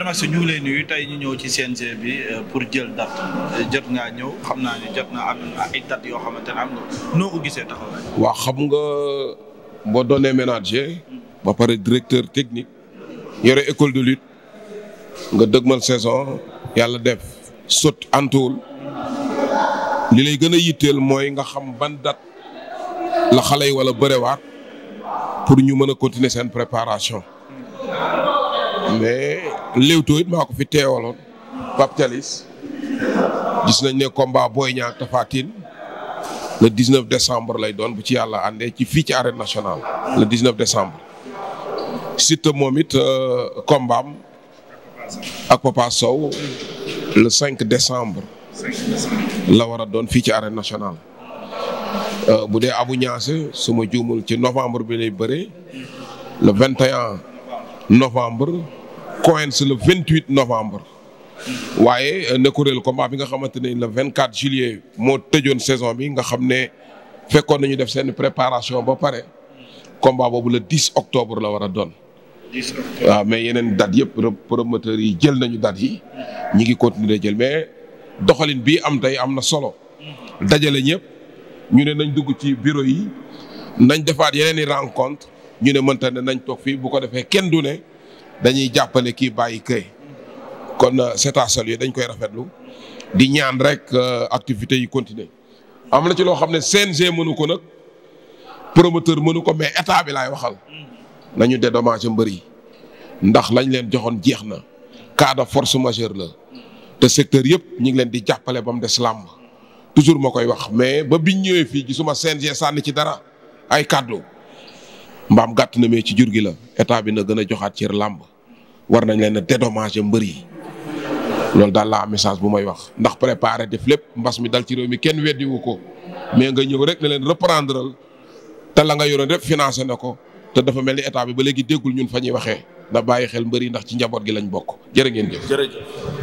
Père Max ñu ngi lay tey ñu ñëw ci CNG bi euh, pour jël date euh, jot ngaa ñëw xam naa ne jot na am yoo xamante ne am nga ko gisee taxawaay. waa xam nga boo doonee ménager. Hmm. ba pare directeur technique. yore école de lutte. nga dëgmal saison yàlla def sot antuwul li lay gën a yitteel mooy nga xam ban dat la xale yi wala bërewaat pour ñu mën a continuer seen préparation hmm. mais Leewtoo it maa ko fi teewaloon Pape Thialis gis nañ ne combat Boy Niang Tapha Tine le 19 décembre lay doon bu ci yàlla àndee ci fii ci arène nationale le 19 décembre. Siteu moom it euh, combat am ak Papa Sow le cinq décembre. la war a doon fii ci arène nationale. Euh, bu dee Abu Ñaase suma juumul ci novembre bi lay bëree le 21 novembre. Coins le 28 novembre. waaye euh, na kuréel combat bi nga xamante ne le 24 juillet moo tëjoon saison bi nga xam ne fekkoon nañu def seen préparation ba pare. combat boobu le 10 octobre la war a doon. 10 octobre waaw mais yeneen date yëpp promoteurs yi jël nañu date yi. ñi ngi continuer jël mais doxalin bi am tey am na solo. Mm-hmm. dajale ñëpp ñu ne nañ dugg ci bureau yi nañ defaat yeneen i rencontre ñu ne mënta ne nañ toog fii bu ko defee kenn du ne. dañuy jàppale kii bàyyi kay kon euh, c'est à saluer dañ koy rafetlu di ñaan rek euh, activités yi continuer am na ci loo xam ne CNG mënu ko nag promoteur mënu ko mais état bi laay waxal nañu dédommagé mbër yi ndax lañ leen joxoon jeex na cas de force majeure la te secteur yëpp ñu ngi leen di jàppale ba mu des làmb toujours ma koy wax mais ba biñ ñëwee fii suma CNG sànni ci dara ay kàddu mbaam gàtt na mais ci jur gi la état bi na gën a joxaat cër làmb war nañ leen a dédommager mbër yi loolu daal laa am message bu may wax ndax préparé def lépp mbas mi dal ci réew mi kenn weddiwu ko mais nga ñëw rek ne leen reprendre te la nga yoroon rek financé ne ko te dafa mel ni état bi ba léegi déggul ñun fa ñuy waxee da bàyyi xel mbër yi ndax ci njaboot gi lañ bokk jërë ngeen jëf.